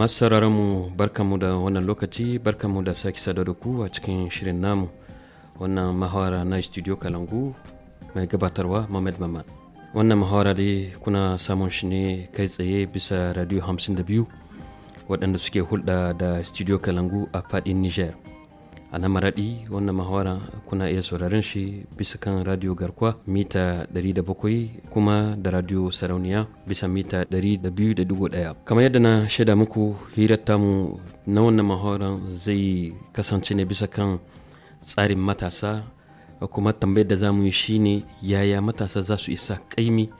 masu mu barkanmu da wannan lokaci barkanmu da Saki sada da ku a cikin shirin namu wannan mahawara na studio kalangu mai gabatarwa Mohamed Mamad. Wannan mahawara dai kuna samun shi ne kai tsaye bisa Radio 52 waɗanda suke hulɗa da Studio Kalangu a faɗin Niger. a nan maraɗi wannan mahawara kuna iya sauraron shi bisa kan radio garkuwa mita 700 kuma da radio sarauniya bisa mita 200.1 kamar yadda na shaida muku hirar mu na wannan mahawara zai kasance ne bisa kan tsarin matasa kuma tambayar da zamu yi shine yaya matasa za su isa kaimi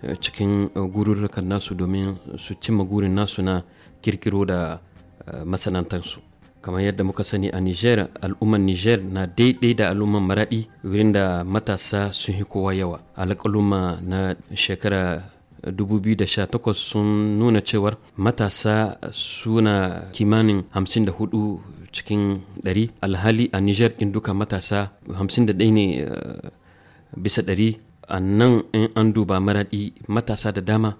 eh, cikin eh, gururrukan nasu domin su cimma gurin nasu na kirkiro da eh, masanantarsu kamar yadda muka sani a niger al'umman niger na daidai da al'umman maradi wurin da matasa sun yi kowa yawa alƙaluma na shekara 2018 sun nuna cewar matasa suna kimanin 54 cikin 100 alhali a niger din duka matasa 51 ne eh, bisa 100 a nan in an duba maraɗi matasa da dama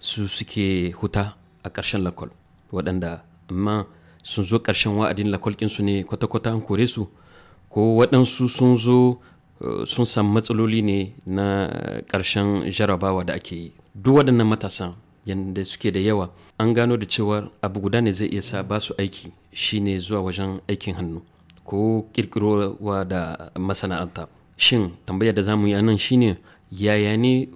su suke huta a ƙarshen lakol waɗanda amma sun zo ƙarshen wa'adin su ne kwata-kwata an kore su ko waɗansu sun zo eh, sun san matsaloli ne na ƙarshen jarabawa da ake yi duk waɗannan matasan yadda suke da yawa an gano da cewa abu guda ne zai iya sa ba su aiki shine zuwa wajen aikin hannu ko kirkirowa da masana'anta shin tambayar da zamu yi anan shine yaya ne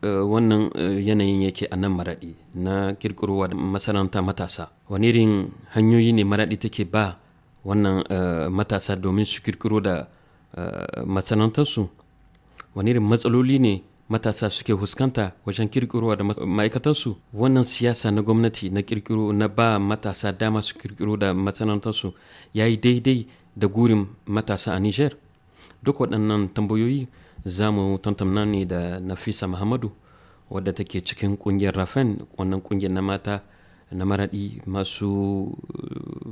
Eh, wannan eh, yanayin yake a nan maraɗi na kirkirowa masaranta matasa wani irin hanyoyi ne maraɗi take ba wannan eh, matasa domin su kirkiro da masanantarsu wani irin matsaloli ne matasa suke huskanta wajen kirkirowa da ma'aikatansu wannan siyasa na gwamnati na kirkiro na ba matasa dama su kirkiro da masanantarsu ya yi daidai da gurin matasa a niger duk waɗannan tambayoyi za mu tantamna ne da nafisa muhammadu wadda take cikin kungiyar rafen wannan kungiyar na mata na maradi masu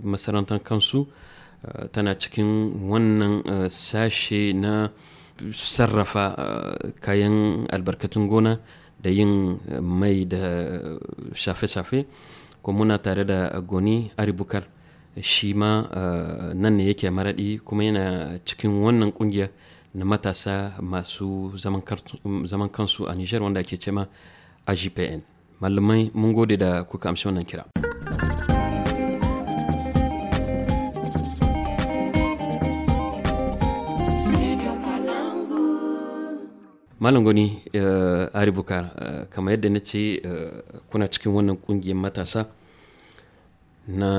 masarantar kansu eh, tana cikin wannan eh, sashe na sarrafa eh, kayan albarkatun gona da yin mai da shafe-shafe kuma muna tare da goni aribukar shi ma nan ne yake maradi kuma yana cikin wannan ƙungiya. na matasa masu zaman kansu a Nijar wanda ake cema a GPN Malamai mun gode da kuka amshi wannan kira. Malam Goni uh, eh, Aribuka uh, eh, kamar yadda na ce uh, kuna cikin wannan kungiyar matasa na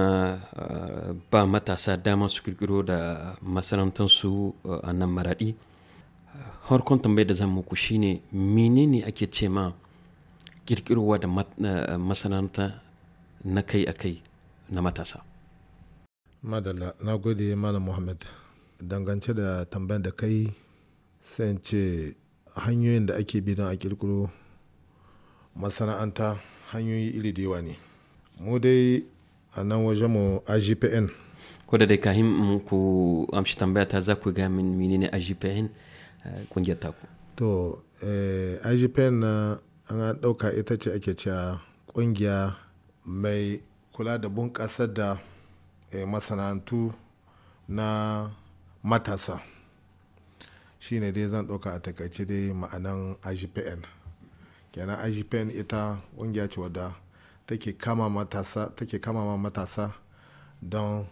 uh, ba matasa dama su kirkiro da masarantansu uh, a nan maraɗi. Farkon tambayar da zan muku shine menene ake ce ma kirkirowa da eh, masananta na kai a kai na matasa madalla na gode malam muhammad dangance da tambayar da kai sai ce hanyoyin da ake bi don a kirkiro masana'anta hanyoyi iri da yawa ne mu dai a nan wajen mu agpn ko da dai kahin ku amshi tambaya ta za ku ga min menene agpn kungiyar taku to eh, igpn na an ɗauka ita ce ake cewa kungiya mai kula da bunƙasa da eh, masana'antu na matasa shine dai zan ɗauka a takaice dai ma'anan igpn kenan igpn ita ƙungiya ce wadda take kama matasa take kama ma matasa don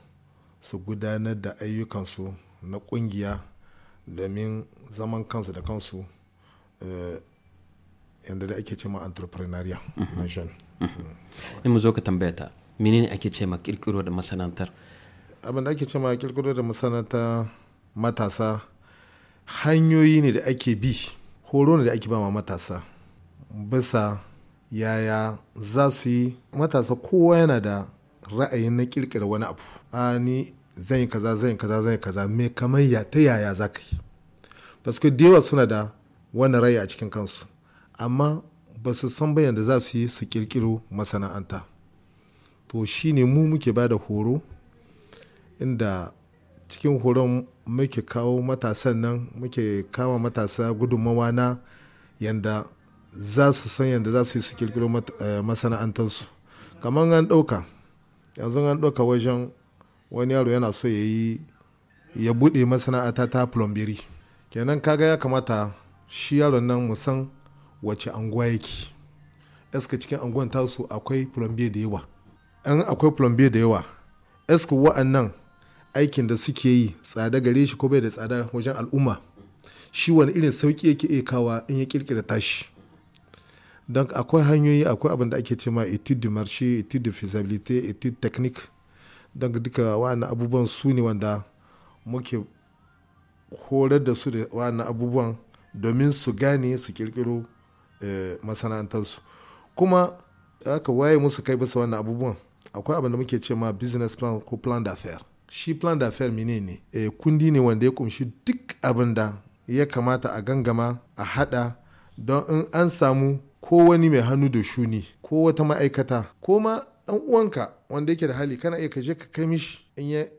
su gudanar da ayyukansu na ƙungiya domin zaman kansu da kansu eh, yadda da ake cema ma entrepreneuria mhm. nation mhm. in mu zo ka tambaya ta menene ake cema kirkiro da masana'antar abin da ake cema kirkiro da masana'anta matasa hanyoyi ne da ake bi horo ne da ake ba ma matasa bisa yaya za su yi matasa kowa yana da ra'ayin na kirkira wani abu a ah, ni zan yi kaza zan yi kaza zan yi kaza me kamar ya ta yaya za ka yi basu da yawa suna da wani rai a cikin kansu amma ba su san bayan da za su yi su kirkiro masana'anta to shi ne mu muke ba da horo inda cikin horon muke kawo matasan nan muke kama matasa gudunmawa na yanda za su san yadda za su yi su kirkiro eh, masana'antarsu kamar an ɗauka yanzu an ɗauka wajen wani yaro yana so ya yi ya buɗe masana'anta ta plumbiri kenan kaga ya kamata shi yaron nan mu san wace anguwa yake eska cikin anguwan tasu akwai plumbiri da yawa an akwai plumbiri da yawa eska wa'annan aikin da suke yi tsada gare shi ko bai da tsada wajen al'umma shi wani irin sauki yake iya kawa in ya kirkira tashi don akwai hanyoyi akwai abin da ake ce ma etude de marché etude de faisabilité etude technique don duka wani abubuwan su ne wanda muke horar da su da wani abubuwan domin su gane su kirkiro eh, masana'antarsu kuma aka waye musu kai bisa wannan abubuwan akwai abin da muke ce ma business plan ko plan d'affaires shi plan d'affaires mine ne eh, kundi ne wanda ya kumshi duk abin da ya kamata a gangama a hada don in an samu ko wani mai hannu da shuni ko wata ma'aikata ko ma dan uwanka wanda yake da hali kana iya kaje ka kai mishi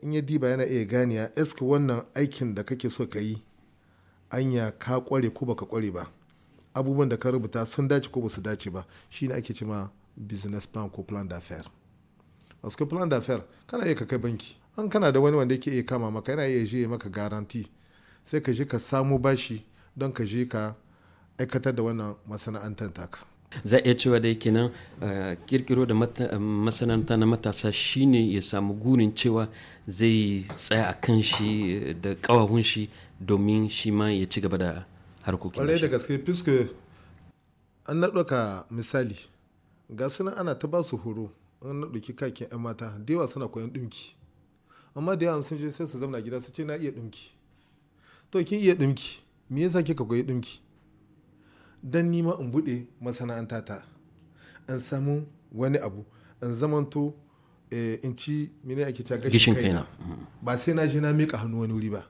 in ya diba yana iya ganiya iska wannan aikin da kake so ka yi anya ka kware ko baka kware ba abubuwan da ka rubuta sun dace ko basu dace ba shi shine ake cima business plan ko plan d'affaire parce que plan d'affaire kana iya ka kai banki an kana da wani wanda yake iya kama maka yana iya je maka garanti sai ka je ka samu bashi don ka je ka aikatar da wannan masana'antar taka za a iya cewa dai kenan kirkiro eh, da masana'anta na matasa shine ya samu gurin cewa zai tsaya a kan shi da kawahun shi domin shi ma ya ci gaba da harkokin shi. da gaske fiske an na ɗauka misali ga suna ana ta ba su horo an na ɗauki kakin 'yan mata da yawa suna koyan ɗumki amma da yawa sun je sai su zama gida su ce na iya ɗumki to kin iya ɗinki me yasa kika koyi ɗinki don nima in buɗe masana'anta ta in samu wani abu in zamanto eh, in ci mene ake cewa gashin kaina mm. ba sai na je na mika hannu wani wuri ba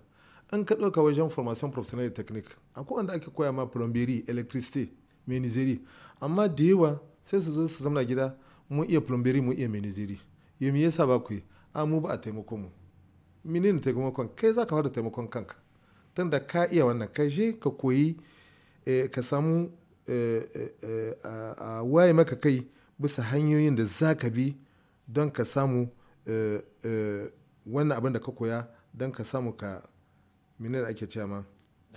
an ka ɗauka wajen formation professional technique akwai wanda ake koya ma plumbery electricity menizeri amma da yawa sai su zo su zamana gida mun iya plumbery mun iya menizeri yau me yasa ba ku yi a mu ba a taimako mu menene taimakon kai za ka fara taimakon kanka tunda ka iya wannan kai je ka koyi Eh, ka samu eh, eh, a waye maka kai bisa hanyoyin da za ka bi don ka samu wannan abin da ka koya don ka samu ka minar ake cewa ma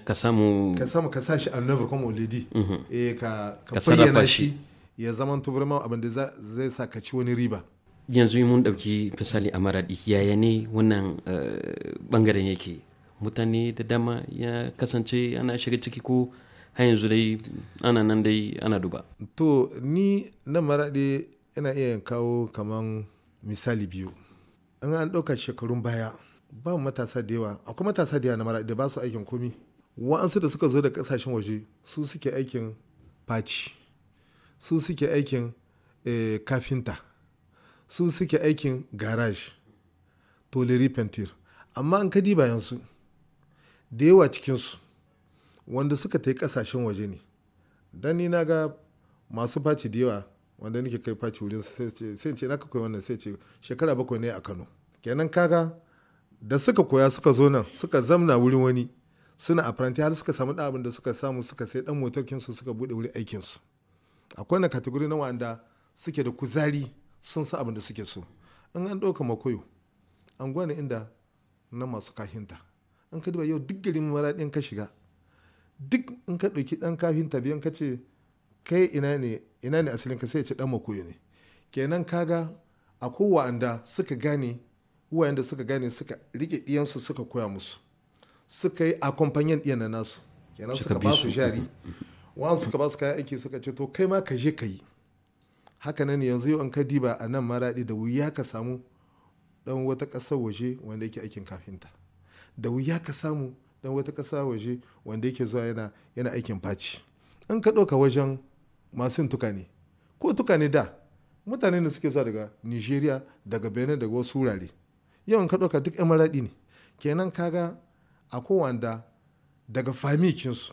ka samu ka samu ka sa shi never kuma already mhm. eh ka ka bayyana shi ya zama to vraiment abin da zai sa ka ci wani riba yanzu mun dauki misali a maradi yaya ne wannan bangaren yake mutane da dama ya kasance ana shiga ciki ko har yanzu dai ana nan dai ana duba to ni na maraɗe yana iya kawo kaman misali biyu in an ɗauka shekarun baya ba matasa da yawa akwai matasa da yawa na maraɗe da ba su aikin komi wa'ansu da suka zo da ƙasashen waje su suke aikin faci su suke aikin eh, kafinta su suke aikin garage toleri pentir amma an ka diba yansu. da yawa cikinsu wanda suka ta yi kasashen waje ne dan ni na ga masu faci da yawa wanda nake kai faci wurin sai ce na ka koyi wannan sai ce shekara bakwai ne a kano kenan kaga da suka koya suka zo nan suka zamna wurin wani suna apprenti har suka samu abin da suka samu suka sai dan motokinsu suka bude wurin aikinsu akwai na kategori na wanda suke da kuzari sun sa abin da suke so in an ɗauka makoyo an gwani inda na masu kahinta an ka duba yau duk garin maraɗin ka shiga duk in ka ɗauki ɗan kafin tabiyan ka ce kai ina ne ina asalin ka sai ya ce ɗan makuyo ne kenan kaga a kowanda suka gane uwayanda suka gane suka rike ɗiyansu suka koya musu suka yi akwamfanyen ɗiyan na nasu kenan suka ba su jari wani suka ba su kayan aiki suka ce to kai ma ka je ka yi haka nan yanzu yau an ka diba a nan maraɗi da wuya ka samu ɗan wata ƙasar waje wanda yake aikin kafinta da wuya ka samu don wata kasa waje wanda yake zuwa yana yana aikin faci in ka ɗauka wajen masu tukane ko tukane da mutane ne suke zuwa daga nigeria daga benin daga wasu wurare yawan ka ɗauka duk emiraɗi ne kenan kaga a kowanda daga fami kinsu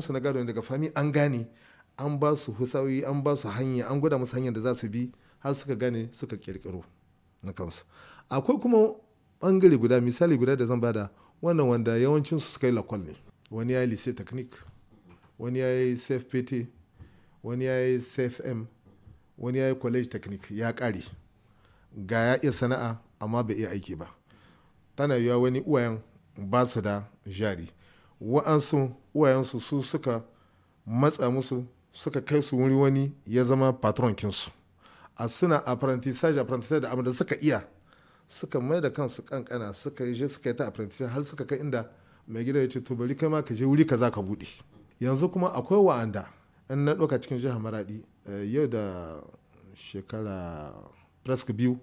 su na gado ne daga fami an gane an ba su husawi an ba su hanya an gwada musu hanyar da za su bi har suka gane suka kirkiro na kansu akwai kuma bangare guda misali guda da zan bada wannan wanda yawancinsu suka yi lakwal ne wani ya yi lise technique wani ya yi safe pt wani ya yi safe m wani ya yi college technique ya kare ga ya iya sana'a amma bai iya aiki ba tana yiwuwa wani uwayen ba su da jari wa'ansu uwayensu su suka matsa musu suka kai su wuri wani ya zama patron kinsu a suna apprentissage apprentissage da abin da suka iya suka mai da kansu kankana suka yi suka yi ta apprentice har suka kai inda mai gida ya ce to bari kai ma ka je wuri kaza ka bude yanzu kuma akwai wa'anda in na ɗauka cikin jihar maradi eh, yau da shekara presque biyu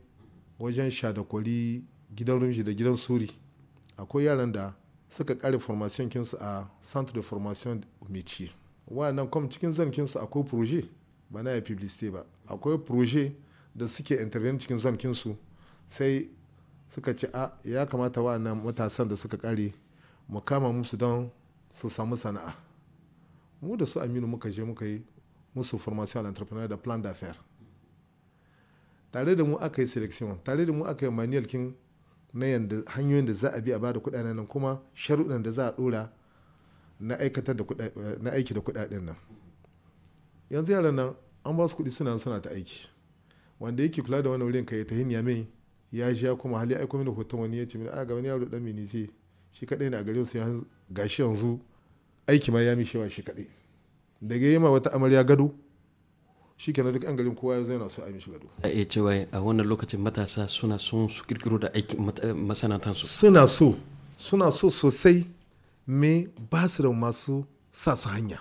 wajen sha da kwari gidan rumshi da gidan suri akwai yaran da suka kare formation kinsu a centre de formation métier wa'annan kwam cikin kinsu akwai projet ba na ya publicité ba akwai projet da suke intervene cikin zankinsu sai suka ce a ah, ya kamata wa nan matasan da suka kare mu kama musu don su samu sana'a mu da su aminu muka je muka yi musu formation entrepreneur da plan d'affaires tare da mu aka yi selection tare da mu aka yi manual kin na yanda hanyoyin da za a bi a bada kudaden nan kuma sharuɗan da za a dora na aikatar da eh, na aiki da kuɗaɗen nan yanzu yaran nan an ba su kuɗi suna suna ta aiki wanda yake kula da wani wurin kai ta hinya mai ya shi ya kuma hali aiko mini hoton wani ya ce mini a ah, ga wani yaro dan ce shi kadai ne a garin sai gashi yanzu aiki ma ya mishi wa shi kadai daga yi ma wata amarya gado shi kenan duk an garin kowa ya zaina su a mishi gado a iya cewa a wannan lokacin matasa suna son su kirkiro da aiki eh, su. suna so suna so sosai me ba su da masu sa su hanya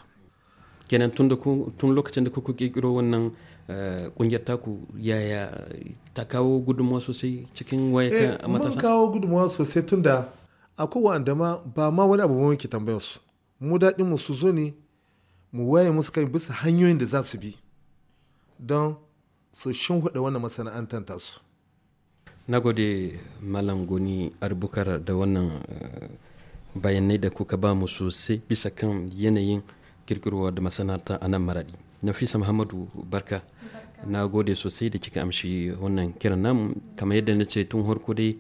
kenan tun lokacin da kuka kirkiro wannan Eh, kungiyar taku yaya ta kawo gudunmawa sosai cikin waya a eh, matasa? Mun kawo gudunmawa sosai tunda akwai wa'anda ma ba ma wani abu ba tambayar su. Mu daɗin mu su zo ne mu waye musu kai bisa hanyoyin da za su bi don su shimfiɗa wannan masana'antar tasu. Na gode Malam Goni Arbukar da wannan eh, bayanai da kuka ba mu sosai bisa kan yanayin kirkirwa da masana'anta a nan maradi. nafisa muhammadu barka na gode sosai da kika amshi wannan kiran namu kamar yadda na ce tun harko dai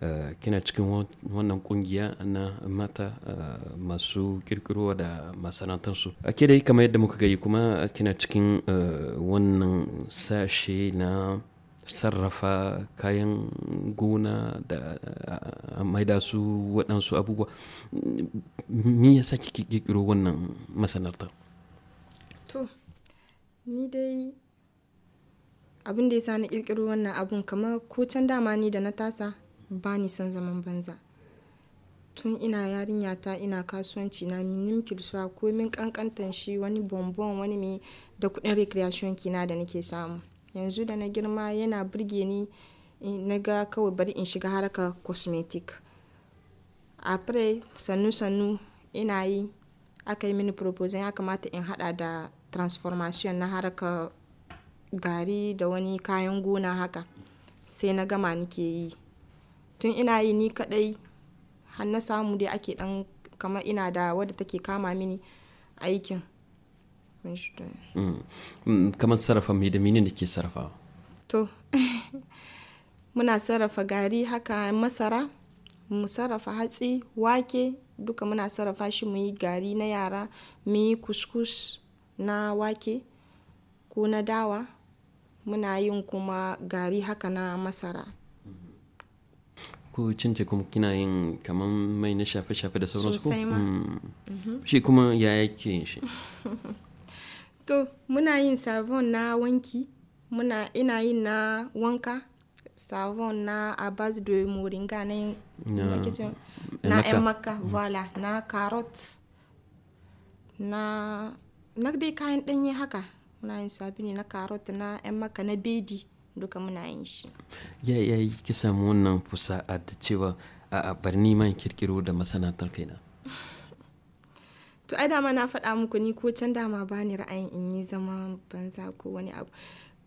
eh, kina cikin wannan kungiya na mata eh, masu kirkirowa da masana'antarsu ake dai kamar yadda muka gari kuma kina cikin eh, wannan sashe na sarrafa kayan gona da maida su waɗansu abubuwa me yasa sake kirkiro wannan masanarta? Ni dai abin da ya sa na kirkiro wannan abun kamar ko can dama ni da na tasa ba ni son zaman banza. Tun ina yarinya ta ina kasuwanci na minim ko komin kankantan shi wani bonbon wani mai da kuɗin recreation kina da nake samu. Yanzu da na girma yana burge ni eh, na ga kawai bari in shiga harkar cosmetic. fure sannu sannu ina yi aka yi mini proposal ya kamata in haɗa da transformation na harka gari da wani kayan gona haka sai na gama nike yi tun ina yi ni kadai har na samu dai ake dan kamar ina da wadda take kama mini aikin mm. Mm, kamar sarrafa mai da minin da ke sarrafa to muna sarrafa gari haka masara mu sarrafa hatsi wake duka muna sarrafa shi mu yi gari na yara mu yi kuskus na wake ko na dawa muna yin kuma gari haka na masara mm-hmm. ko cince kuma kina yin kamar mai na shafe-shafe da sauransu ko? Mm. Mm-hmm. shi kuma ya yake shi to muna yin savon na wanki muna ina yin na wanka savon na abaz base de moringa na na yan maka mm. voilà na carrot na na dai kayan ɗanye haka muna yin ne na karot na yan maka na bedi duka muna yin shi ya ya yi ki samu wannan fusa'a da cewa a bar man kirkiro da masana'antar kaina to ai dama na faɗa muku ni ko can dama ba ni ra'ayin in yi zama banza ko wani abu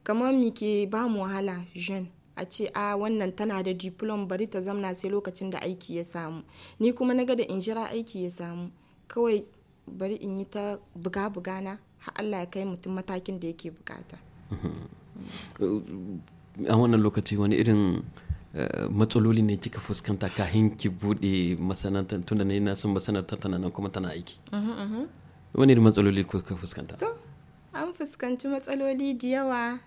kamar mi ke ba mu wahala jean a ce a wannan tana da diplom bari ta zamna sai lokacin da aiki ya samu ni kuma na ga da in jira aiki ya samu kawai bari in yi ta buga-buga na Allah ya kai mutum matakin da yake bukata mm-hmm. a wannan lokaci wani irin eh, matsaloli ne kika fuskanta kahin ki bude masanantar tunda ne nasu masanantar tana nan kuma tana aiki mm-hmm, mm-hmm. wani irin matsaloli kuka fuskanta to an fuskanci matsaloli da yawa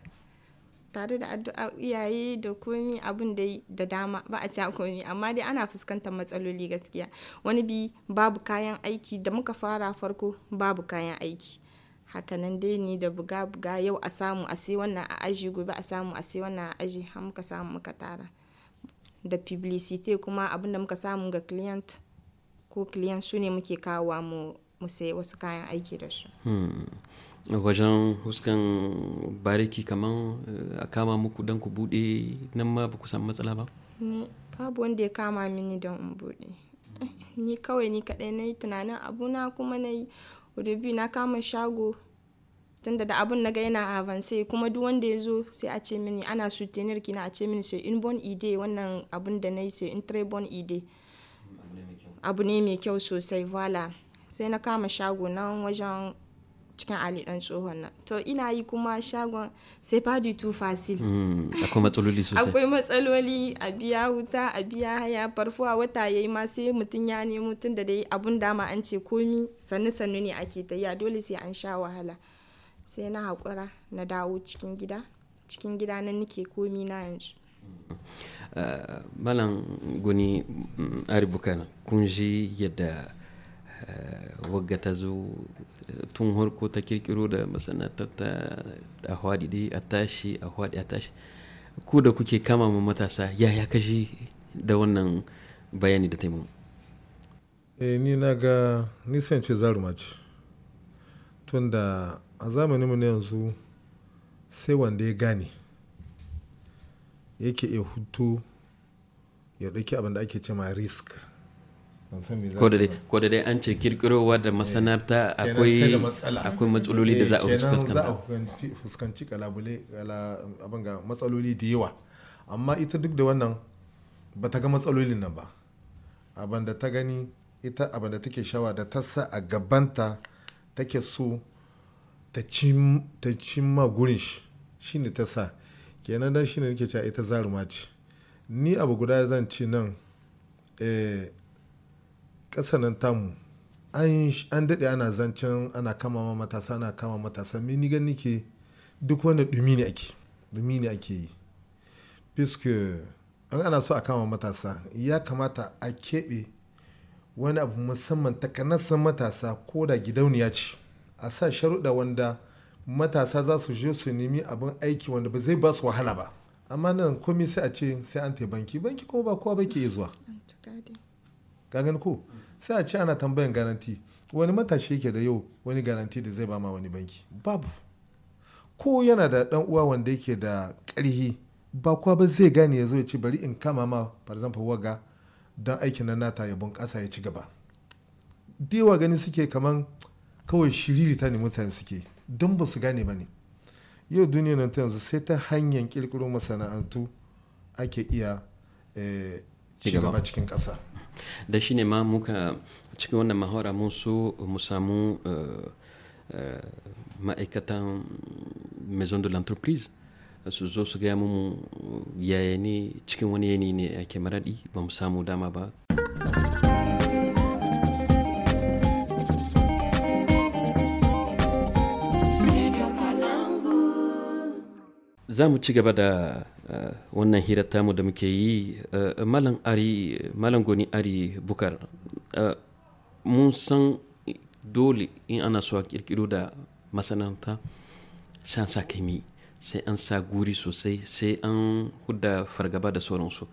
tare da addu'a iyaye da komi abin da da dama ba a ca komi amma dai ana fuskantar matsaloli gaskiya wani bi babu kayan aiki da muka fara farko babu kayan aiki hakanan dai ni da buga buga yau a samu a sai wannan a aji gobe a samu a sai wannan a aji har muka samu muka tara da publicity kuma abin da muka samu ga client ko client su ne muke kawo mu mu sai wasu kayan aiki da su hmm. wajen huskan bariki kamar eh, a kama muku don ku bude nan ma ba ku samu matsala ba ne babu wanda ya kama mini don in bude ni kawai ni kadai na yi tunanin abuna kuma na yi udubi na kama shago tunda da abun na ga yana avance kuma duk wanda ya zo sai a ce mini ana sutenir kina a ce mini sai in bon ide wannan abun da na yi sai in tre bon ide abu ne mai kyau sosai vala sai na kama shago nan wajen cikin ali dan tsohon nan to ina yi kuma shagon sai fadi tu fasil hmm, akwai matsaloli sosai akwai matsaloli a biya wuta a biya haya a wata yayi ma sai mutum ya nemo tun da dai abun dama an ce komi sanu sanu ne ake ta ya dole sai an sha wahala sai na haƙura na dawo cikin gida cikin gida nan nake komi na yanzu eh, malam guni mm, aribuka kun ji yadda eh, wagga ta zo tun harko ta kirkiro da masana'antar ta a hwadi dai a tashi a hwadi a tashi ku da kuke kama ma matasa ya ya kashi da wannan bayani da taimako. eh ni na ga nisan ce zaruma ce tunda a zamanin mu na yanzu sai wanda ya gane yake iya hutu ya ɗauki abin da ake cema risk ko da dai an ce kirkirowa eh, da masanarta akwai akwai matsaloli da za a eh, fuskanta za a fuskanci kalabule abin ga matsaloli da yawa amma ita duk da wannan ba ta ga matsalolin nan ba abin da ta gani ita abin da take shawa da ta sa a gabanta take so ta cimma gurin shi ne ta sa kenan dan ne nake cewa ita zaruma ce ni abu guda zan ci nan eh ƙasar nan tamu an daɗe ana zancen ana kama matasa ana kama matasa me ni gani ke duk wanda ɗumi ne ake ɗumi ne ake yi fiske an ana so a kama matasa ya kamata a keɓe wani abu musamman takanassan matasa ko da gidauniya ce a sa sharuɗa wanda matasa za su je su nemi abin aiki wanda ba zai ba su wahala ba amma nan komi sai a ce sai an banki banki kuma ba kowa ba ke zuwa ka gani ko sai a ce ana tambayan garanti wani matashi yake da yau wani garanti da zai bama wani banki babu ko yana da dan uwa wanda yake da karhi ba kuwa ba zai gane ya zo ya ce bari in kama ma for example waga don aikin na nata ya bunƙasa ya ci gaba dewa gani suke kaman kawai shiririta ne mutane suke don ba su gane ba ne yau duniya nan ta yanzu sai ta hanyar kirkiro masana'antu ake iya eh, cigaba cikin ƙasa da shi ne ma muka cikin wannan mahaura mun so mu samu eh, eh, ma'aikatan maison de l'entreprise su zo su gaya mu yaya ne cikin wani yanayi ne ake maradi ba mu samu dama ba za mu ci gaba da wannan hira tamu da muke yi eh, malam goni ari bukar eh, mun san dole in ana so a kirkiro da masana'anta sai an sa kaimi sai an sa guri sosai sai an hudda fargaba da sauransu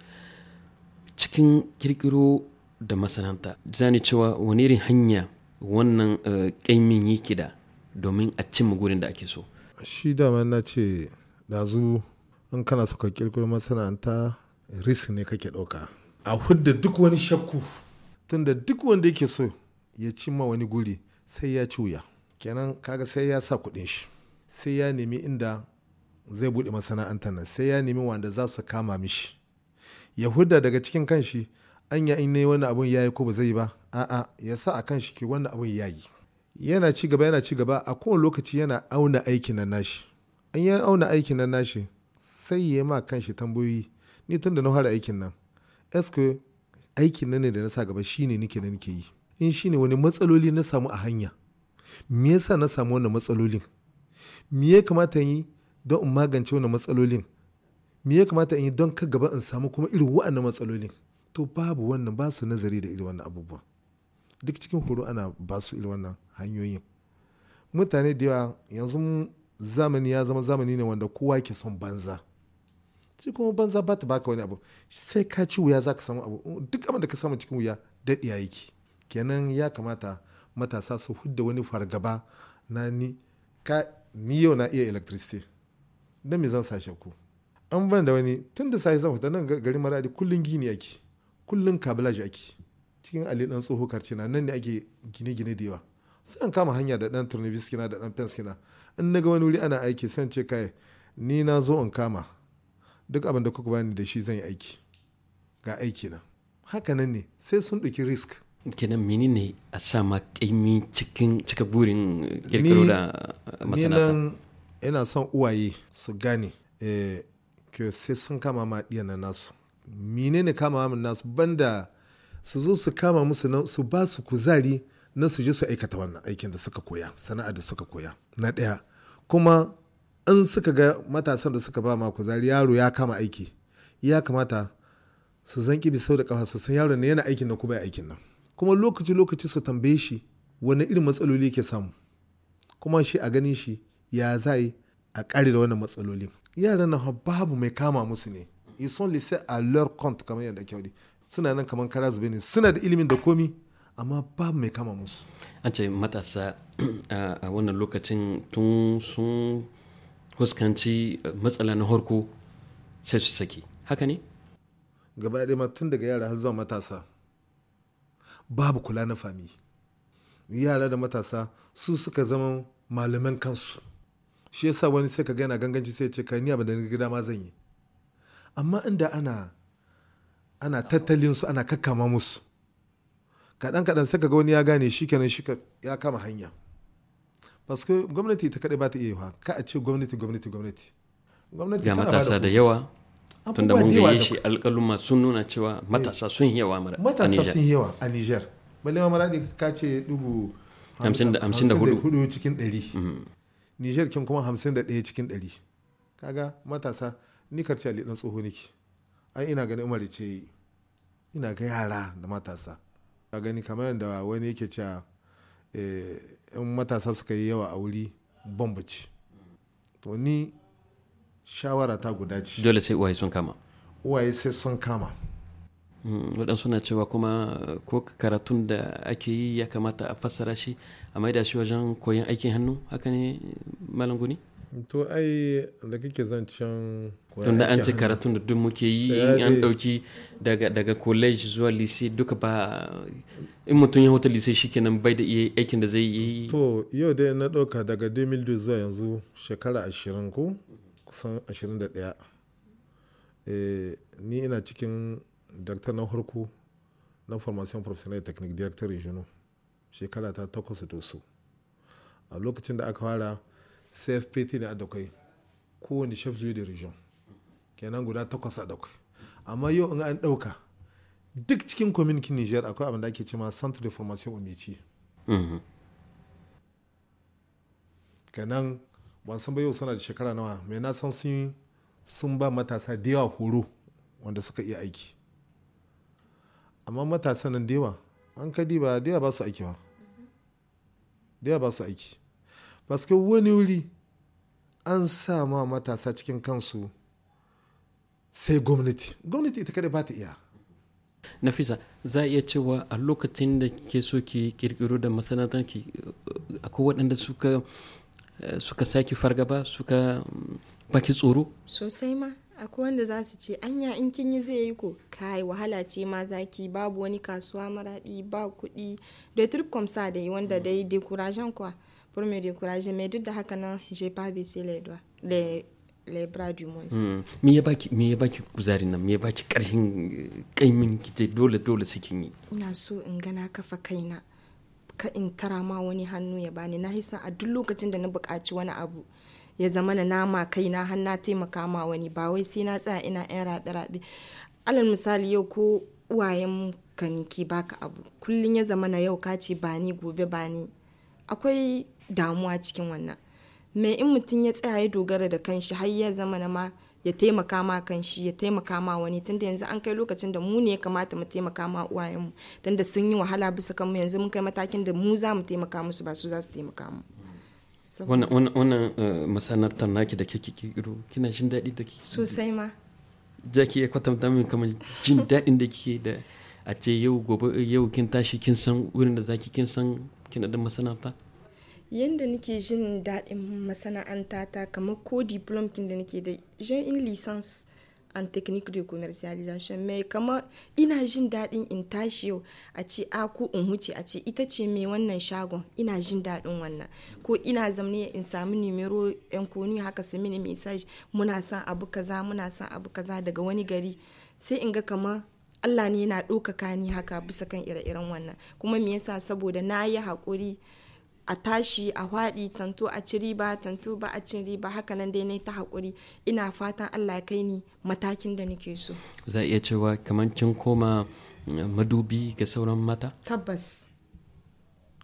cikin kirkiro da masana'anta zani cewa wani irin hanya wannan kaimin eh, yake da domin a cimma gurin da ake so shi dama na ce dazu in kana so ka kirkiro masana'anta risk ne kake ɗauka a hudda duk wani shakku tunda duk wanda yake so ya cimma wani guri sai ya ci wuya kenan kaga sai ya sa kuɗin shi sai ya nemi inda zai buɗe masana'antar nan sai ya nemi wanda za su kama mishi Ya hudda daga cikin kanshi an ya ne wani abun yayi ko ba zai ba a'a ya sa a kan shi ke wani abun yayi yana ci gaba yana ci a kowane lokaci yana auna aikin nan nashi an ya auna aikin nan nashi sai ya ma shi tambayoyi ni tun da na fara aikin nan eske aikin nan ne da na sa gaba shine nike na nike yi in shine wani matsaloli na samu a hanya me yasa na samu wannan matsalolin me ya kamata yi don in magance wannan matsalolin me ya kamata in yi don ka gaba in samu kuma irin wa'annan matsalolin to babu wannan ba su nazari da irin wannan abubuwa duk cikin horo ana ba su irin wannan hanyoyin mutane da yawa yanzu zamani ya zama zamani ne wanda kowa ke son banza sai kuma banza ba ta baka wani abu sai ka ci wuya za ka samu abu duk abin da ka samu cikin wuya daɗi ya yake kenan ya kamata matasa su hudda wani fargaba na ni ka ni yau na iya electricity don me zan sashe ku an ban da wani tun da sai zan fita nan garin maradi kullun gini ake kullun kabilaji ake cikin ali dan tsoho karce na nan ne ake gine-gine da yawa sai an kama hanya da dan turnevis kina da dan fence kina in naga wani wuri ana aiki san ce kai ni na zo in kama duk abin da kuka bani da shi zan yi aiki ga aiki na hakanan ne sai sun ɗauki risk kenan mini ne a sa ma ƙaimi cikin cika burin kirkiro da masana'anta ina son uwaye su gane eh, ke sai sun kama ma ɗiyan na nasu mine ne kama min nasu banda su zo su kama musu su ba su kuzari na su je su aikata wannan aikin da suka koya sana'ar da suka koya na ɗaya kuma in suka ga matasan da suka ba ma kuzari yaro ya kama aiki ya kamata su zan kibi sau da kafa su san yaron ne yana aikin na kuma aikin nan kuma lokaci lokaci su tambaye shi wani irin matsaloli ke samu kuma shi a ganin shi ya zai a kare da wannan matsaloli yaran nan babu mai kama musu ne ils sont laissés à leur compte kamar yadda kyau suna nan kamar kara zube ne suna da ilimin da komi amma babu mai kama musu an ce matasa a wannan lokacin tun sun fuskanci eh, matsala na harko sai su saki haka ne gaba ɗaya tun daga yara har zuwa matasa babu kula na fami yara da matasa su suka zama malaman kansu shi yasa wani sai ka gana ganganci sai ce ka ni abin da gida ma zan yi amma inda ana ana tattalin su ana kakkama musu kaɗan kaɗan sai ka ga wani ya gane shi kenan shi ya kama hanya parce que gwamnati ta kaɗai ba ta iya ka a ce gwamnati gwamnati gwamnati gwamnati ga matasa da yawa da mun yi shi alƙaluma sun nuna cewa matasa sun yi yawa mara matasa sun yawa a Niger balle ma maradi ka ce dubu 54 cikin 100 mm-hmm. Niger kin kuma 51 cikin 100 kaga matasa ni karce ali dan tsoho niki ai ina ganin Umar ce ina ga yara da matasa ka gani kamar yadda wani yake cewa yan eh, matasa suka yi yawa a wuri bambaci to ni shawara ta guda ce dole sai uwaye sun kama uwaye sai sun kama hmm, waɗansu na cewa kuma eh, ko karatun da ake yi ya kamata a fassara shi a maida shi wajen koyon aikin hannu haka ne malam guni to ai da kake zan can tunda an ce karatun da duk muke yi an dauki daga daga college zuwa lycée duka ba in mutum ya huta lise shikenan bai da aikin da zai yi to yau dai na dauka daga 2002 zuwa yanzu shekara 20 ko kusan 21 eh ni ina cikin daktar na harko na formation professional technique director regional shekara ta takwas da su a lokacin da aka fara cfpt ne a dakwai kowane chef lieu de region kenan guda takwas a dakwai amma yau in an dauka duk cikin community niger akwai abin da ake cewa centre de formation omici mm-hmm. kenan ban san ba yau suna da shekara nawa mai na san sun ba matasa da yawa horo wanda suka iya aiki amma matasa nan da yawa an kadi ba da yawa ba su aiki ba da yawa ba su aiki baske wani wuri an sa ma matasa cikin kansu sai gwamnati gwamnati ita kada ba ta iya nafisa za a iya cewa a lokacin da ke so ki kirkiro da masana'antar ki akwai waɗanda suka eh, suka saki fargaba suka mm, baki tsoro sosai ma akwai wanda za su ce anya in kin yi zai yi ko kai wahala ce ma zaki babu wani kasuwa maraɗi ba kuɗi da sa da yi wanda mm. dai dekurajen kwa pour me décourager. Mais tout de j'ai pas baissé les doigts, les, les bras du moins. Hmm. Me baki me ya baki baki karhin kaimin kite dole dole sakin yi. Ina so in ga na kafa kaina. Ka in tara ma wani hannu ya bani na hisa a duk lokacin da na buƙaci wani abu ya zama na nama kaina har na taimaka ma wani ba wai sai na tsaya ina yan rabe-rabe. Alal misali yau ko uwayen kaniki baka abu kullum ya zama na yau ka bani ba ni gobe ba akwai damuwa cikin wannan me in mutum ya tsaya ya dogara da kanshi har ya zama na ma ya taimaka ma kanshi ya taimaka ma wani tunda yanzu an kai lokacin da mu ne ya kamata mu taimaka ma uwayenmu tunda sun yi wahala bisa kanmu yanzu mun kai matakin da mu za mu taimaka musu ba su za su taimaka mu wannan eh, masanartar naki da kake kirkiro kina jin daɗi da kike sosai ma ja ki kwatanta min kamar jin daɗin da kike da a ce yau gobe yau kin tashi kin san wurin da zaki kin san kina da masanarta yanda nake jin daɗin masana'anta ta kamar ko diplom da nake da jan in licence and technique de commercialisation mai kama ina jin daɗin in tashi yau a ce a ko in wuce a ce ita ce mai wannan shagon ina jin daɗin wannan ko ina zamani in sami numero yan koni haka su mini message muna son abu kaza muna son abu kaza daga wani gari sai in ga kamar Allah ne yana ɗaukaka ni haka bisa kan ire-iren wannan kuma me yasa saboda na yi hakuri. a tashi a waɗi tanto a ci riba tanto ba a cin riba haka nan dai na ta haƙuri ina fatan allah ya kai ni matakin da nake so za iya cewa kamar kin koma eh, madubi ga sauran mata tabbas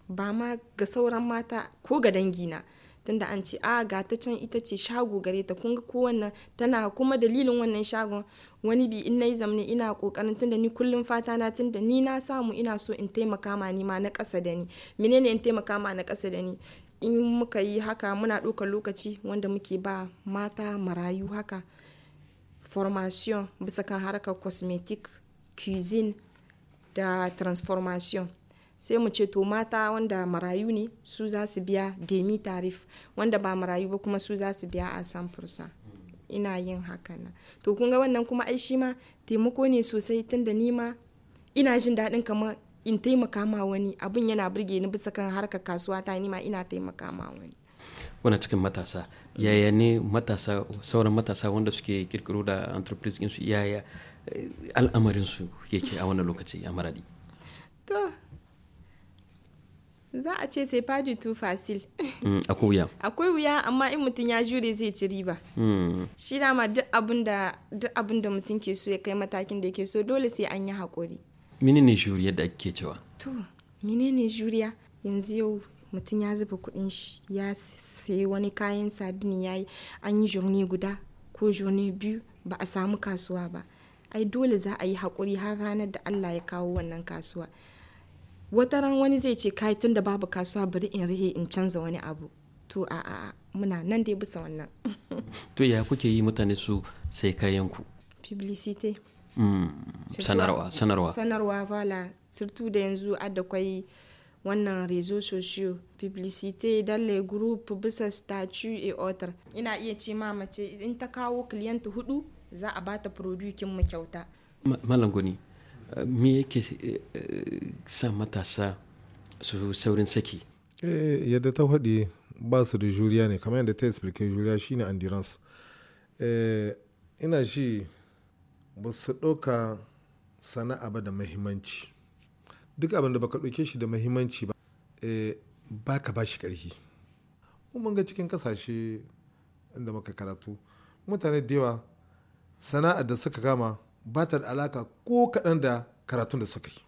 ba ma ga sauran mata ko ga dangina tunda an ce a ah, ga ta can ita ce shago gare ta kun ga tana kuma dalilin wannan shagon wani bi in nayi zamne ina kokarin tunda ni kullum fata na tunda ni na samu ina so in taimaka ma ni ma na ƙasa da ni menene in taimaka ma na ƙasa da ni in muka yi haka muna ɗaukar lokaci wanda muke ba mata marayu haka formation bisa kan harkar cosmetic cuisine da transformation sai mu ce to mata wanda marayu ne su za su biya demi tarif wanda ba marayu ba kuma su za su biya a 100%. ina yin hakan nan to kun ga wannan kuma ai shi ma taimako ne sosai tunda ni ma ina jin daɗin kamar in taimaka ma wani abin yana burge ni bisa kan harkar kasuwa ta ni ma ina taimaka ma wani wani cikin matasa yaya ne matasa sauran matasa wanda suke kirkiro da entreprise su yaya eh, al'amarin su yake a wannan lokaci a maradi to za a ce sai fadi tu fasil mm, akwai wuya akwai wuya amma in mutum ya jure zai ci riba mm. shi dama duk da duk abin da mutum ke so ya kai matakin da yake so dole sai an yi hakuri menene juriya da ake cewa to menene juriya yanzu yau mutum ya zuba kuɗin shi ya sayi wani kayan sabini ya yi an yi journey guda ko journey biyu ba a samu kasuwa ba ai dole za a yi hakuri har ranar da Allah ya kawo wannan kasuwa wata ran wani zai ce kai tun da babu kasuwa bari in rihe in canza wani abu to a a muna nan dai bisa wannan to ya kuke yi mutane su sai kayan mm, ku publicity sanarwa sanarwa sanarwa fala surtu da yanzu adda kwai wannan rezo sosio publicity dans group groupes bisa statue et author ina iya ce ma mace in ta kawo client hudu za a bata produkin mu kyauta malangoni me yake eh, sa matasa su saurin saki eh, yadda ta faɗi ba su da juriya ne kamar yadda ta explique juriya shine endurance eh, ina shi ba su ɗauka sana'a ba da mahimmanci duk abin da baka ɗauke shi da mahimmanci ba ba ka ba shi ƙarfi mun ga cikin kasashe inda muka karatu mutane da yawa sana'a da suka gama ba ta da alaka ko kaɗan da karatun da suka yi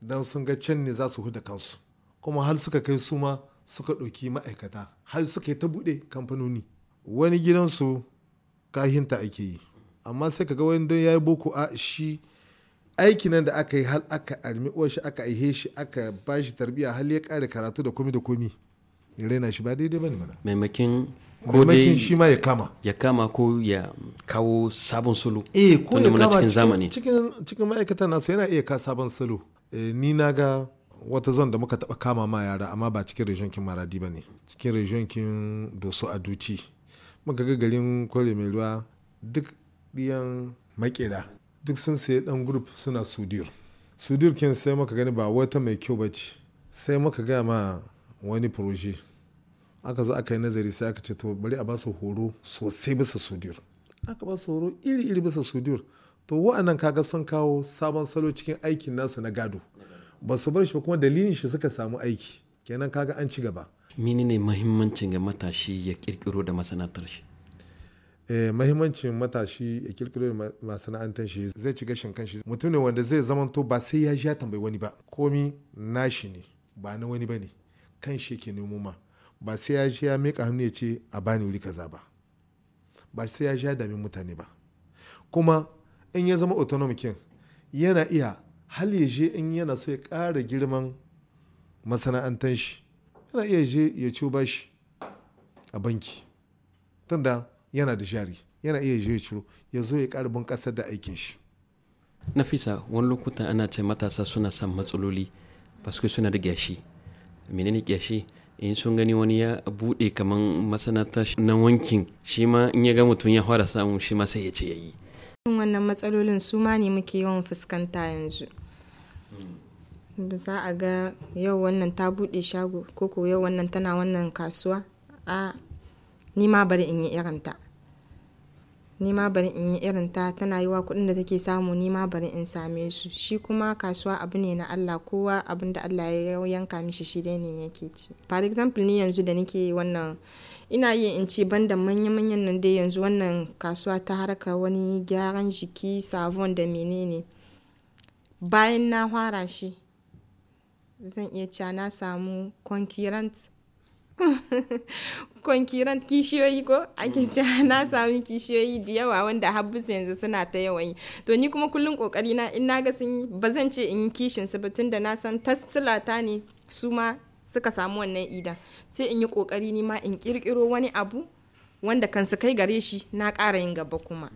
don sun ga can ne za su huda kansu kuma har suka kai su ma suka ɗauki ma'aikata har suka yi ta buɗe kamfanoni wani gidansu kahinta ake yi amma sai ka ga wani don ya yi boko a shi aiki nan da aka yi har aka almi shi aka aihe shi aka ba shi tarbiyya har ya kare karatu da komi da komi ya raina shi ba daidai ba ne mana maimakin shi ma ya kama ya kama ko ya kawo sabon salo eh ko ya kama cikin zamani cikin cikin ma'aikata nasu yana iya ka sabon salo eh, ni na ga wata zon da muka taba kama ma yara amma ba cikin region kin maradi ba ne cikin region kin doso a duti muka ga garin kore mai ruwa duk ɗiyan makera duk sun sayi dan group suna sudir sudir kin sai muka gani ba wata mai kyau ba ce sai muka gaya ma wani proje aka zo aka yi nazari sai aka ce to bari a basu horo sosai bisa sudur aka ba horo iri-iri bisa sudur to wa'annan kaga sun kawo sabon salo cikin aikin nasu na gado ba su bar shi ba kuma dalilin shi suka samu aiki kenan kaga an ci gaba mini ne mahimmancin ga matashi ya kirkiro da masana'antar shi eh mahimmancin matashi ya kirkiro da masana'antar shi zai ci gashin kanshi mutum ne wanda zai zamanto ba sai ya ja tambayi wani ba komi nashi ne ba na wani ba ne kan shi ke nemo ma ba sai ya shi ya miƙa hannu ya ce a bani wuri kaza ba ba sai ya shi ya dami mutane ba kuma in ya zama autonomikin yana iya hal ya je in yana so ya ƙara girman masana'antar shi yana iya je ya ba shi a banki tunda yana da jari yana iya je ya ciro ya zo ya ƙara bunƙasar da aikin shi nafisa wani lokutan ana ce matasa suna son matsaloli ba suna da gashi menene kyashi in sun gani wani ya buɗe kamar masanata na wankin shi ma in ya ga mutum ya fara samu shi ma sai ya ce ya yi wannan matsalolin su ma ne muke yawan fuskanta yanzu hmm. za a ga yau wannan ta bude shago ko ko yau wannan tana wannan kasuwa a ni ma bari in yi iranta ni ma bari in yi irin ta tana yi wa kuɗin da take samu ni ma bari in same su shi kuma kasuwa abu ne na Allah kowa abin da Allah ya yanka mishi shi dai ne yake ci for example ni yanzu da nake wannan ina yi in ci banda manya-manyan nan dai yanzu wannan kasuwa ta harka wani gyaran jiki savon da menene bayan na fara shi zan iya cana na samu concurrent kiran kishiyoyi ko ake mm. ce na sami kishiyoyi da yawa wanda habbus yanzu suna ta yawan yi to ni kuma kullum kokari na in naga sun yi ba zan ce in kishin su ba tunda na san ta ne su ma suka samu wannan idan sai in yi kokari ni ma in kirkiro wani abu wanda kan su kai gare shi na ƙara yin gaba kuma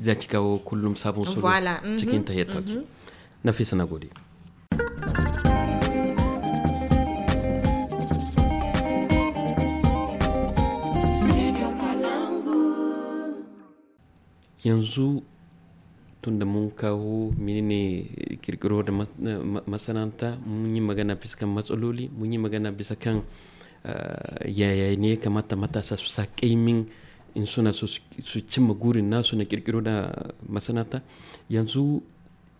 za ki kawo kullum sabon su mhm, cikin tahiyyar mhm. na fi sana gode yanzu tunda mun kawo menene kirkiro da masananta mun yi magana bisa kan matsaloli mun yi magana bisa kan eh, yaya ne kamata matasa su sa kaimin in suna su cimma gurin nasu na kirkiro da masananta yanzu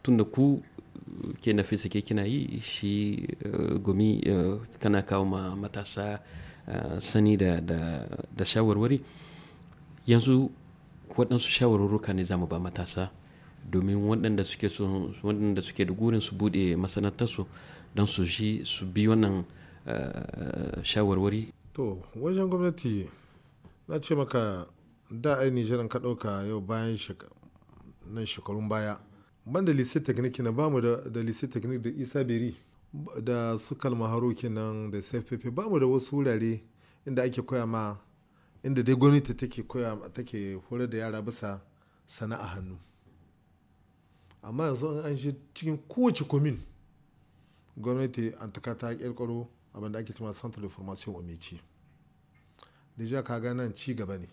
tunda ku ke na ke kina yi shi eh, gumi eh, kana kawo ma matasa sani da shawarwari yanzu waɗansu shawarurruka ne zamu ba matasa domin waɗanda suke da gurin su buɗe masanatarsu don su ji su bi wannan eh, shawarwari to wajen gwamnati na ce maka da ai nijeran ka ɗauka yau bayan nan shekarun baya ban da lise technique na bamu da lise technique da isa beri da su kalma haro kenan da cfpp bamu da wasu wurare inda ake koya ma inda dai gwamnati take koya take horar da yara bisa sana'a hannu amma yanzu an shi cikin kowace komin gwamnati an taka ta kirkiro abinda ake cewa central information wa mece da ja ka ga nan ci gaba ne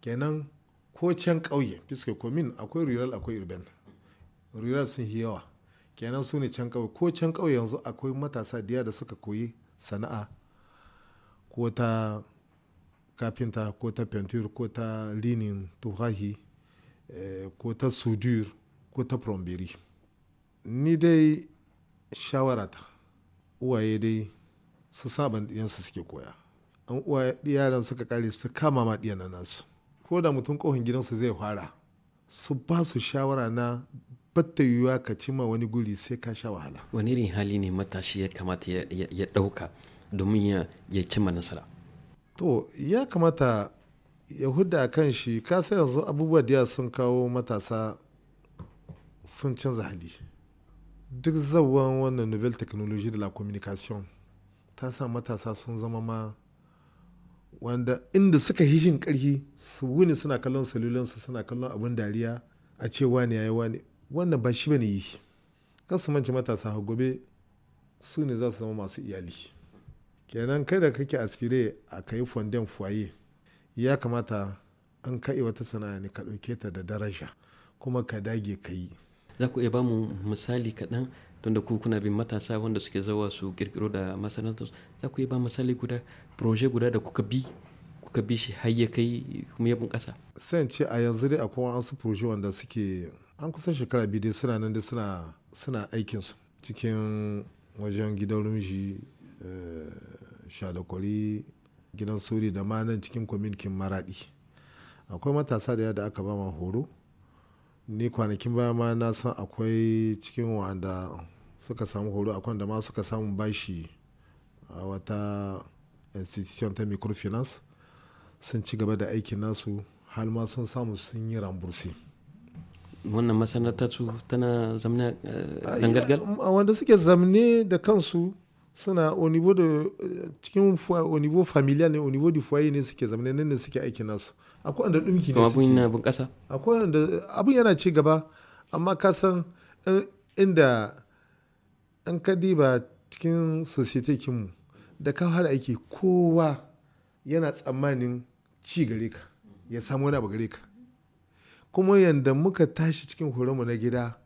kenan ko can ƙauye fiske komin akwai rural akwai urban rural sun yi yawa kenan su ne can ƙauye ko can ƙauye yanzu akwai matasa diya da suka koyi sana'a ko ta kafinta ko ta ko ta linin tuhahi eh, ko ta sudur ko ta prombiri ni dai shawarata uwaye dai su saban su suke koya an uwaye yaran suka kare su kama ma ɗiyan nasu ko da mutum gidan gidansu zai fara su ba su shawara na batta yiwuwa ka cima wani guri sai ka sha wahala wani irin hali ne matashi ya kamata ya ɗauka domin ya cimma nasara to ya kamata ya yahuda a kan shi kasa yanzu abubuwa da sun kawo matasa sun canza hali duk zawan wannan novel technology de la communication ta sa matasa sun zama ma wanda inda suka hishin karhi su wuni suna kallon salulansu suna kallon abin dariya a ce wani yi wani wannan ba shi bane yi kan su manci matasa gobe su ne za su zama masu iyali kenan kai da kake aspire a kai fonden foyer ya kamata an kai wata sana'a ne ka ɗauke ta da daraja kuma ka dage ka yi za ku iya ba mu misali kaɗan don da kuna bin matasa wanda suke zawa su kirkiro da masana'antar za ku iya ba misali guda proje guda da kuka bi kuka bi shi har ya kai kuma ya bunƙasa sai ce a yanzu dai akwai su proje wanda suke an kusan shekara biyu dai suna nan da suna suna aikin su cikin wajen gidan rumshi Eh, shalakwari gidan suri da ma nan cikin kwaminkin maradi akwai matasa da yadda aka ba ma horo ni kwanakin baya ma na san akwai cikin wanda suka samu horo akwai da ma suka samu bashi a wata institution ta microfinance sun ci gaba da aikin nasu har ma sun samu sun yi rambursi wannan masana tana zamne eh, dangargal wanda suke zamne da kansu suna au niveau de euh, cikin au niveau familial ne au niveau du foyer ne suke zama ne ne suke aiki nasu akwai wanda dumki ne abun yana kasa akwai wanda abun yana ci gaba amma ka san inda an ka diba cikin society kinmu da ka fara aiki kowa yana tsammanin ci gare ka ya samu wani abu gare ka kuma yanda muka tashi cikin horonmu na gida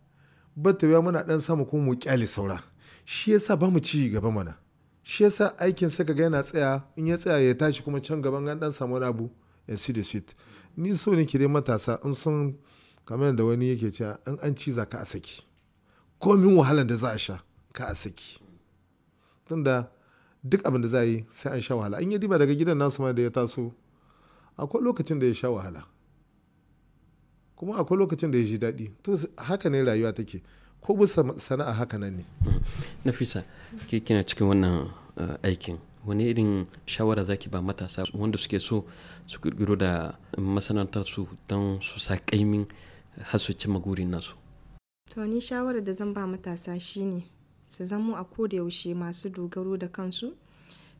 ba ta muna dan samu kuma mu kyale saura shi yasa ba mu ci gaba mana shi yasa aikin sai kaga yana tsaya in ya tsaya ya tashi kuma can gaban an dan samu abu ya si da sweet ni so ne dai matasa in sun kamar da wani yake cewa in an ciza ka a saki komin wahalar da za a sha ka a saki tunda duk abin da za a yi sai an sha wahala in yi diba daga gidan nasu ma da ya taso akwai lokacin da ya sha wahala kuma akwai lokacin da ya ji daɗi to haka ne rayuwa take ko bisa sana'a haka nan ne nafisa ke kina cikin wannan eh, aikin wani irin shawara zaki ba matasa wanda suke so su kirkiro da masana'antar su don su sa kaimin har ci magurin nasu to ni shawara da zan ba matasa shine su zamo a koda yaushe masu dogaro da kansu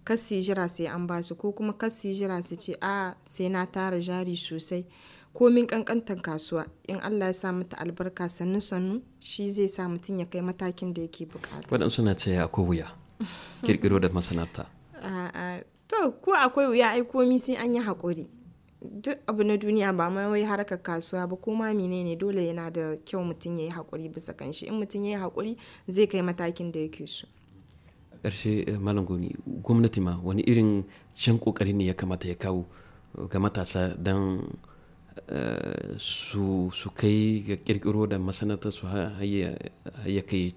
kasi jira sai an basu ko kuma kasi jira su ce a sai na tara jari sosai komin kankantar kasuwa in Allah ya sa mata albarka sannu sannu shi zai sa mutum ya kai matakin da yake bukata waɗansu na ce akwai wuya kirkiro da masana'anta to ko akwai wuya ai komi sai an yi haƙuri duk abu na duniya ba mai wai harkar kasuwa ba ko ma menene dole yana da kyau mutum ya yi haƙuri bisa kan in mutum ya yi haƙuri zai kai matakin da yake so ƙarshe eh, malam goni gwamnati ma wani irin shan ƙoƙari ne ya kamata ya kawo ga matasa don su kai ga kirkiro da masanata su ya kai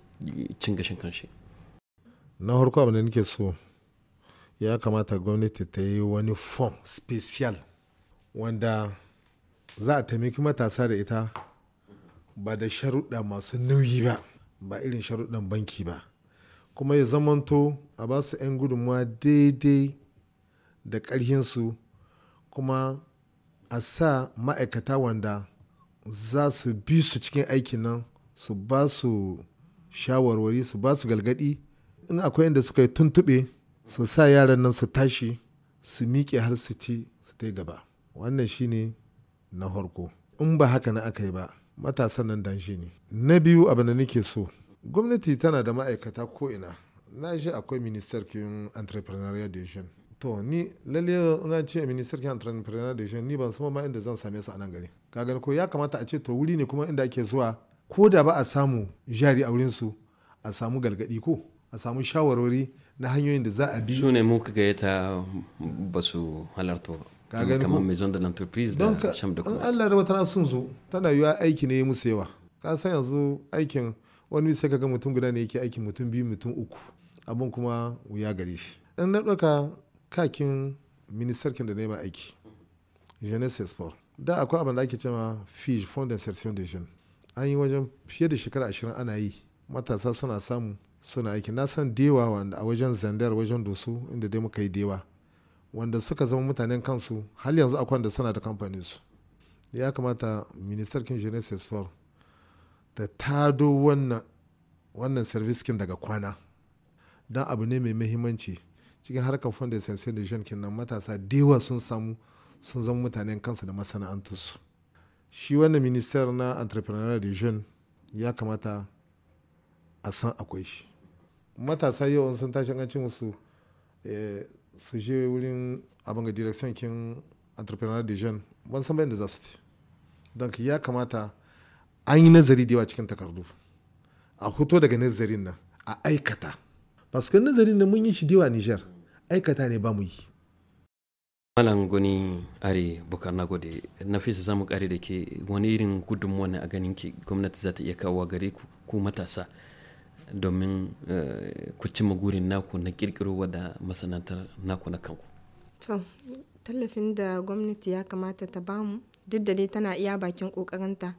cin gashin kanshi na harko abin da nake so ya kamata gwamnati ta yi wani form special wanda za a taimaki matasa da ita ba da sharuɗa masu nauyi ba ba irin sharuɗan banki ba kuma ya zamanto a ba su 'yan gudunmawa daidai da ƙarhinsu kuma a sa ma'aikata wanda za su bi su cikin aikin nan su ba su shawarwari su ba su galgadi in akwai inda suka yi tuntuɓe su sa yaran nan su tashi su miƙe har su ci su ta gaba wannan shi ne na farko in ba haka na aka yi ba matasan nan dan shi ne na biyu abin da nake so gwamnati tana da ma'aikata ko ina na shi akwai ministerkin entrepreneurial division to ni lalle in an ce mini sarkin entrepreneur da shi ni ban san ma inda zan same su a nan gari ka ko ya kamata a ce to wuri ne kuma inda ake zuwa ko da ba a samu jari a wurin su a samu galgadi ko a samu shawarwari na hanyoyin da za a bi su ne mu kaga ta ba su halarto ka gani kamar maison de l'entreprise da sham da kuma Allah da wata sun zo tana yiwa aiki ne musu yawa ka san yanzu aikin wani sai ka ga mutum guda ne yake aikin mutum biyu mutum uku abin kuma wuya gare shi in na ɗauka kakin ministarkin da na aiki jeunesse sport da akwai abin da ake cewa fish fond insertion de jeune an yi wajen fiye da shekara ashirin ana yi matasa suna samu suna aiki na san dewa wanda a wajen zandar wajen dosu inda dai muka yi dewa wanda suka zama mutanen kansu har yanzu akwai wanda suna da kamfanin su ya kamata kin jeunesse sport ta tado wannan wannan daga kwana don abu ne mai muhimmanci cikin harkar fonda sensation kenan matasa dewa sun samu sun zama mutanen kansu da masana'antarsu shi wannan minister na entrepreneur de jeune ya kamata a san akwai shi matasa yawan sun tashi an ci musu eh, su je wurin abin ga direction kin entrepreneur de jeune ban san bayan da za su ci don ya kamata an yi nazari da yawa cikin takardu a hoto daga nazarin nan a aikata basu su nazarin nan mun yi shi da yawa nijar aikata ne ba mu yi malam guni are bukar na gode nafisa zamu kare da ke wani irin gudunmuwa ne a ganin ki gwamnati za ta iya kawo gare ku ku matasa domin eh, ku cimma gurin naku na kirkiro da masana'antar naku na kanku to tallafin da gwamnati ya kamata ta bamu duk da dai tana iya bakin kokarinta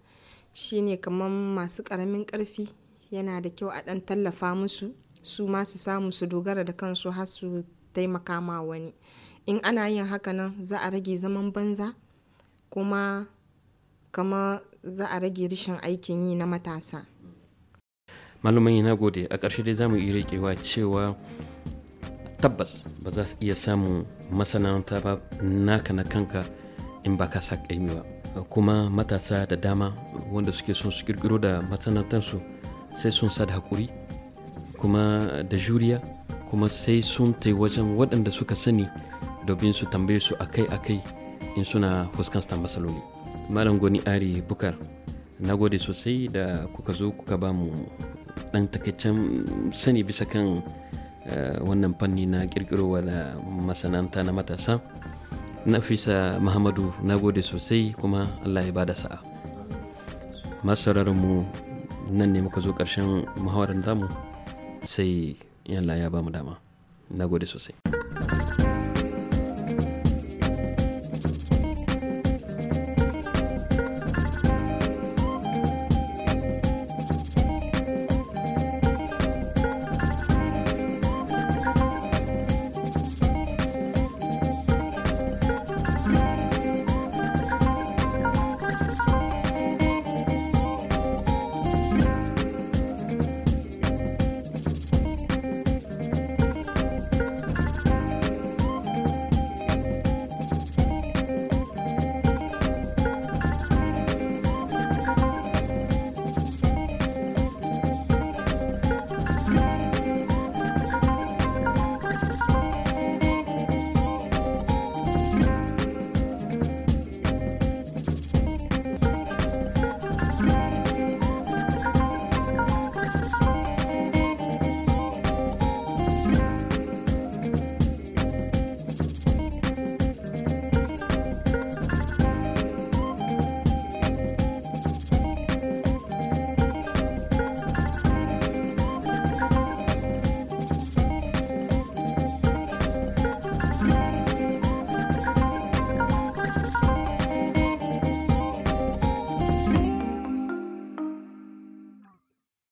shine kamar masu karamin karfi yana da kyau a dan tallafa musu su ma su samu su dogara da kansu har su taimaka ma wani in ana yin hakanan za a rage zaman banza kuma kama za a rage rashin aikin yi na matasa malaman na gode a ƙarshe dai za mu yi rikewa cewa tabbas ba za su iya samun masana'anta ba naka na kanka in ba ka sa ba kuma matasa da dama wanda suke son su kirkiro da masana'antarsu sai sun sa da haƙuri kuma da juriya kuma sai sun tai wajen waɗanda suka sani domin su tambaye su akai-akai in suna ta matsaloli malam goni ari bukar na gode sosai da kuka zo kuka ba mu ɗan takaicen sani bisa kan eh, wannan fanni na ƙirƙirowa da eh, masana'anta na matasa nafisa muhammadu na gode sosai kuma allah ya bada sa'a masararmu mu nan ne muka zo ƙarshen muhawarar damu sai in Allah ya ba mu dama. Na gode sosai.